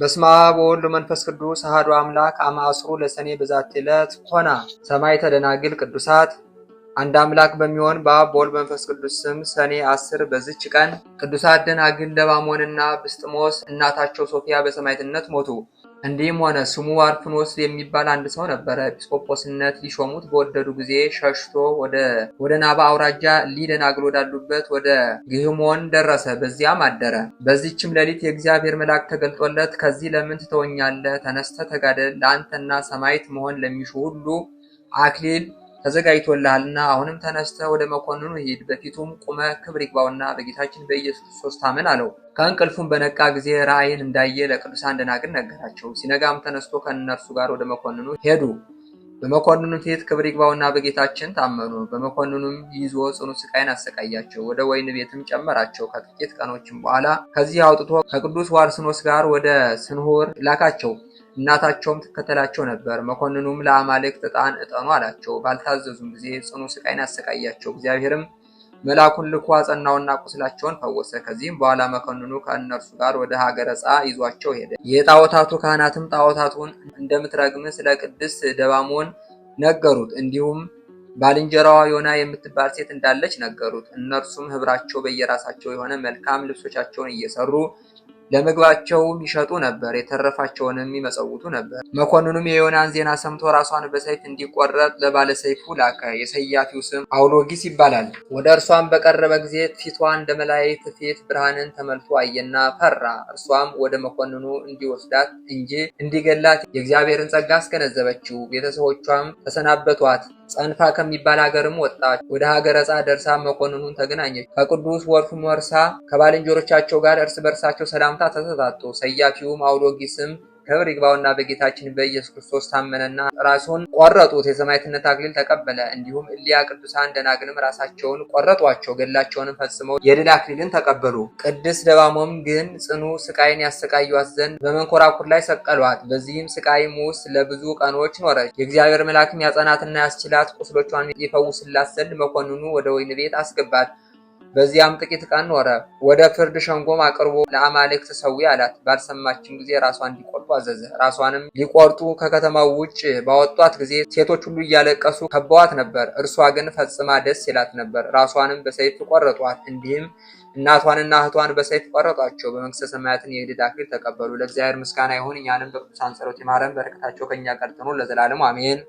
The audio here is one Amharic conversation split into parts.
በስመ አብ ወወልድ ወመንፈስ ቅዱስ አሐዱ አምላክ አመ ለሰኔ በዛቲ ዕለት ኮና ሰማዕተ ደናግል ቅዱሳት አንድ አምላክ በሚሆን በአብ በወልድ በመንፈስ ቅዱስ ስም ሰኔ አስር በዝች ቀን ቅዱሳት ደናግል ለባሞንና ብስጥሞስ እናታቸው ሶፊያ በሰማዕትነት ሞቱ። እንዲህም ሆነ። ስሙ አርፍኖስ የሚባል አንድ ሰው ነበረ። ኤጲስቆጶስነት ሊሾሙት በወደዱ ጊዜ ሸሽቶ ወደ ናባ አውራጃ ሊደናግል ወዳሉበት ወደ ግህሞን ደረሰ። በዚያም አደረ። በዚችም ሌሊት የእግዚአብሔር መልአክ ተገልጦለት ከዚህ ለምን ትተወኛለህ? ተነስተ ተጋደል፣ ለአንተና ሰማይት መሆን ለሚሹ ሁሉ አክሊል ተዘጋጅቶልሃልና አሁንም ተነስተ ወደ መኮንኑ ሂድ፣ በፊቱም ቁመ ክብር ይግባውና በጌታችን በኢየሱስ ክርስቶስ ታመን አለው። ከእንቅልፉም በነቃ ጊዜ ራእይን እንዳየ ለቅዱሳን ደናግል ነገራቸው። ሲነጋም ተነስቶ ከእነርሱ ጋር ወደ መኮንኑ ሄዱ። በመኮንኑ ፊት ክብር ይግባውና በጌታችን ታመኑ። በመኮንኑም ይዞ ጽኑ ስቃይን አሰቃያቸው፣ ወደ ወይን ቤትም ጨመራቸው። ከጥቂት ቀኖችም በኋላ ከዚህ አውጥቶ ከቅዱስ ዋርስኖስ ጋር ወደ ስንሆር ላካቸው። እናታቸውም ትከተላቸው ነበር። መኮንኑም ለአማልክት ዕጣን እጠኑ አላቸው። ባልታዘዙም ጊዜ ጽኑ ስቃይን አሰቃያቸው። እግዚአብሔርም መልአኩን ልኮ አጸናውና ቁስላቸውን ፈወሰ። ከዚህም በኋላ መኮንኑ ከእነርሱ ጋር ወደ ሀገረ ጻ ይዟቸው ሄደ። የጣዖታቱ ካህናትም ጣዖታቱን እንደምትረግም ስለ ቅድስት ደባሞን ነገሩት። እንዲሁም ባልንጀራዋ ዮና የምትባል ሴት እንዳለች ነገሩት። እነርሱም ህብራቸው በየራሳቸው የሆነ መልካም ልብሶቻቸውን እየሰሩ ለምግባቸውም ይሸጡ ነበር፣ የተረፋቸውንም ይመጸውቱ ነበር። መኮንኑም የዮናን ዜና ሰምቶ ራሷን በሰይፍ እንዲቆረጥ ለባለሰይፉ ላከ። የሰያፊው ስም አውሎጊስ ይባላል። ወደ እርሷም በቀረበ ጊዜ ፊቷ እንደ መላእክት ፊት ብርሃንን ተመልቶ አየና ፈራ። እርሷም ወደ መኮንኑ እንዲወስዳት እንጂ እንዲገላት የእግዚአብሔርን ጸጋ አስገነዘበችው። ቤተሰቦቿም ተሰናበቷት። ጸንፋ ከሚባል ሀገርም ወጣች። ወደ ሀገረ ጻ ደርሳ መኮንኑን ተገናኘች። ከቅዱስ ወርፍ መርሳ ከባልንጀሮቻቸው ጋር እርስ በርሳቸው ሰላምታ ተሰጣጡ። ሰያፊውም አውሎጊስም ክብር ይግባውና በጌታችን በኢየሱስ ክርስቶስ ታመነና ራሱን ቆረጡት፣ የሰማዕትነት አክሊል ተቀበለ። እንዲሁም እሊያ ቅዱሳን ደናግልም ራሳቸውን ቆረጧቸው፣ ገድላቸውንም ፈጽመው የድል አክሊልን ተቀበሉ። ቅድስት ደባሞም ግን ጽኑ ስቃይን ያሰቃዩት ዘንድ በመንኮራኩር ላይ ሰቀሏት። በዚህም ስቃይም ውስጥ ለብዙ ቀኖች ኖረች። የእግዚአብሔር መልአክም ያጸናትና ያስችላት፣ ቁስሎቿን ይፈውስላት ዘንድ መኮንኑ ወደ ወይን ቤት አስገባት። በዚያም ጥቂት ቀን ኖረ። ወደ ፍርድ ሸንጎም አቅርቦ ለአማልክት ሰዊ አላት። ባልሰማችም ጊዜ ራሷን እንዲቆርጡ አዘዘ። ራሷንም ሊቆርጡ ከከተማው ውጭ ባወጧት ጊዜ ሴቶች ሁሉ እያለቀሱ ከበዋት ነበር። እርሷ ግን ፈጽማ ደስ ይላት ነበር። ራሷንም በሰይፍ ቆረጧት። እንዲህም እናቷንና እህቷን በሰይፍ ቆረጧቸው። በመንግስተ ሰማያትን የግድድ አክሊል ተቀበሉ። ለእግዚአብሔር ምስጋና ይሁን። እኛንም በቅዱሳን ጸሎት ይማረን። በረከታቸው ከእኛ ቀርጥኑ ለዘላለሙ አሜን።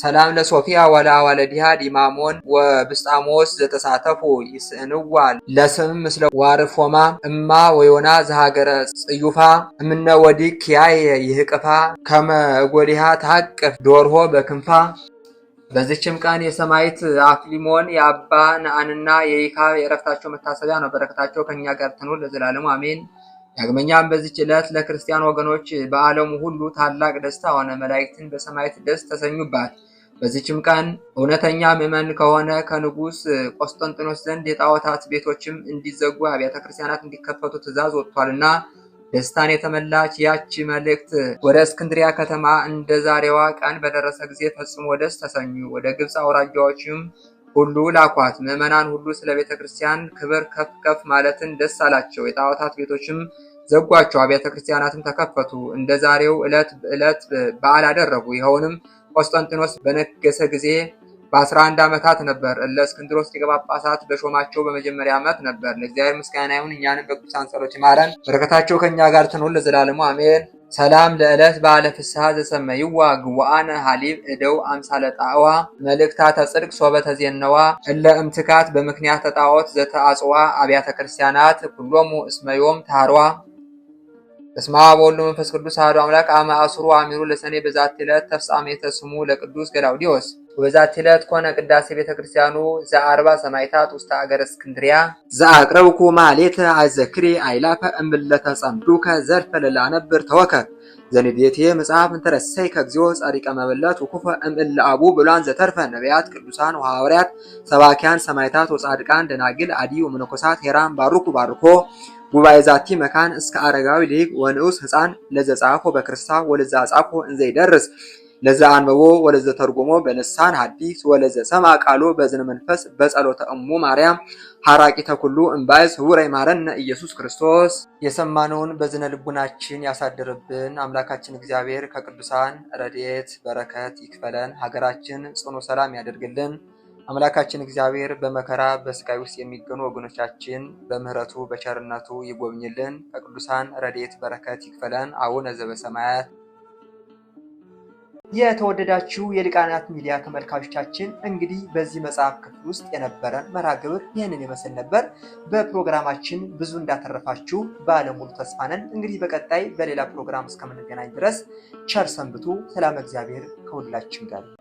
ሰላም ለሶፊያ ወላዋ ለዲሃ ዲማሞን ወብስጣሞስ ዘተሳተፉ ይስእንዋል ለስም ምስለ ዋርፎማ እማ ወዮና ዘሀገረ ጽዩፋ እምነ ወዲህ ኪያየ ይህቅፋ ከመ ታቅፍ ዶርሆ በክንፋ በዚችም ቀን የሰማዕት አፍሊሞን የአባ ነአንና የይካ የእረፍታቸው መታሰቢያ ነው። በረከታቸው ከእኛ ጋር ትኑር ለዘላለሙ አሜን። ዳግመኛም በዚች ዕለት ለክርስቲያን ወገኖች በዓለሙ ሁሉ ታላቅ ደስታ ሆነ። መላእክትን በሰማያት ደስ ተሰኙባት። በዚችም ቀን እውነተኛ ምዕመን ከሆነ ከንጉሥ ቆስጠንጥኖስ ዘንድ የጣዖታት ቤቶችም እንዲዘጉ አብያተ ክርስቲያናት እንዲከፈቱ ትእዛዝ ወጥቷልና ደስታን የተመላች ያቺ መልእክት ወደ እስክንድሪያ ከተማ እንደ ዛሬዋ ቀን በደረሰ ጊዜ ፈጽሞ ደስ ተሰኙ። ወደ ግብፅ አውራጃዎችም ሁሉ ላኳት። ምዕመናን ሁሉ ስለ ቤተ ክርስቲያን ክብር ከፍ ከፍ ማለትን ደስ አላቸው። የጣዖታት ቤቶችም ዘጓቸው፣ አብያተ ክርስቲያናትም ተከፈቱ። እንደ ዛሬው ዕለት ዕለት በዓል አደረጉ። ይኸውንም ቆስጠንጢኖስ በነገሰ ጊዜ በ11 ዓመታት ነበር። እለ እስክንድሮስ ሊቀ ጳጳሳት በሾማቸው በመጀመሪያ ዓመት ነበር። ለእግዚአብሔር ምስጋና ይሁን፣ እኛንም በቅዱሳን ጸሎት ይማረን፣ በረከታቸው ከእኛ ጋር ትኑር ለዘላለሙ አሜን። ሰላም ለዕለት ባለ ፍስሐ ዘጸመይዋ ግዋአነ ሀሊብ እደው አምሳለ ጣዕዋ መልእክታተ ጽድቅ ሶበተ ዜነዋ እለ እምትካት በምክንያት ተጣዖት ዘተአጽዋ አብያተ ክርስቲያናት ኩሎሙ እስመዮም ታሯ በስመ አብ ወወልድ ወመንፈስ ቅዱስ አሐዱ አምላክ አመ አስሩ አሚሩ ለሰኔ በዛቲ ዕለት ተፍጻሜተ ስሙ ለቅዱስ ገላውዲዮስ ወበዛቲ ዕለት ኮነ ቅዳሴ ቤተ ክርስቲያኑ ዘአርባ ሰማይታት ውስተ እስክንድሪያ እስክንድርያ ዘአቅረብኩ ማሌተ አዘክሪ አይላፈ እምለተ ጸምዱከ ዘርፈ ለላነብር ተወከብ ዘንዴቴ መጽሐፍ እንተረሰይ ከግዚኦ ጻድቀ መበለት ወኩፈ እምእለ አቡ ብሏን ዘተርፈ ነቢያት ቅዱሳን ወሐዋርያት ሰባኪያን ሰማይታት፣ ወጻድቃን ደናግል አዲ መነኮሳት ሄራን ባርኩ ባርኮ ጉባኤ ዛቲ መካን እስከ አረጋዊ ሊግ ወንዑስ ህፃን ለዘጻፎ በክርስታ ወለዛ ጻፎ እንዘይደርስ ለዛ አንበቦ ወለዘ ተርጎሞ በልሳን ሐዲስ ወለዘ ሰማ ቃሎ በዝነ መንፈስ በጸሎተ እሙ ማርያም ሐራቂ ተኩሉ እንባይስ ህውራይ ማረነ ኢየሱስ ክርስቶስ። የሰማነውን በዝነ ልቡናችን ያሳድርብን። አምላካችን እግዚአብሔር ከቅዱሳን ረድኤት በረከት ይክፈለን። ሀገራችን ጽኑ ሰላም ያደርግልን። አምላካችን እግዚአብሔር በመከራ በስቃይ ውስጥ የሚገኙ ወገኖቻችን በምህረቱ በቸርነቱ ይጎብኝልን። ከቅዱሳን ረድኤት በረከት ይክፈለን። አቡነ ዘበሰማያት የተወደዳችሁ የልቃናት ሚዲያ ተመልካቾቻችን እንግዲህ በዚህ መጽሐፍ ክፍል ውስጥ የነበረን መርሃ ግብር ይህንን ይመስል ነበር። በፕሮግራማችን ብዙ እንዳተረፋችሁ ባለሙሉ ተስፋ ነን። እንግዲህ በቀጣይ በሌላ ፕሮግራም እስከምንገናኝ ድረስ ቸር ሰንብቱ። ሰላም፣ እግዚአብሔር ከሁላችን ጋር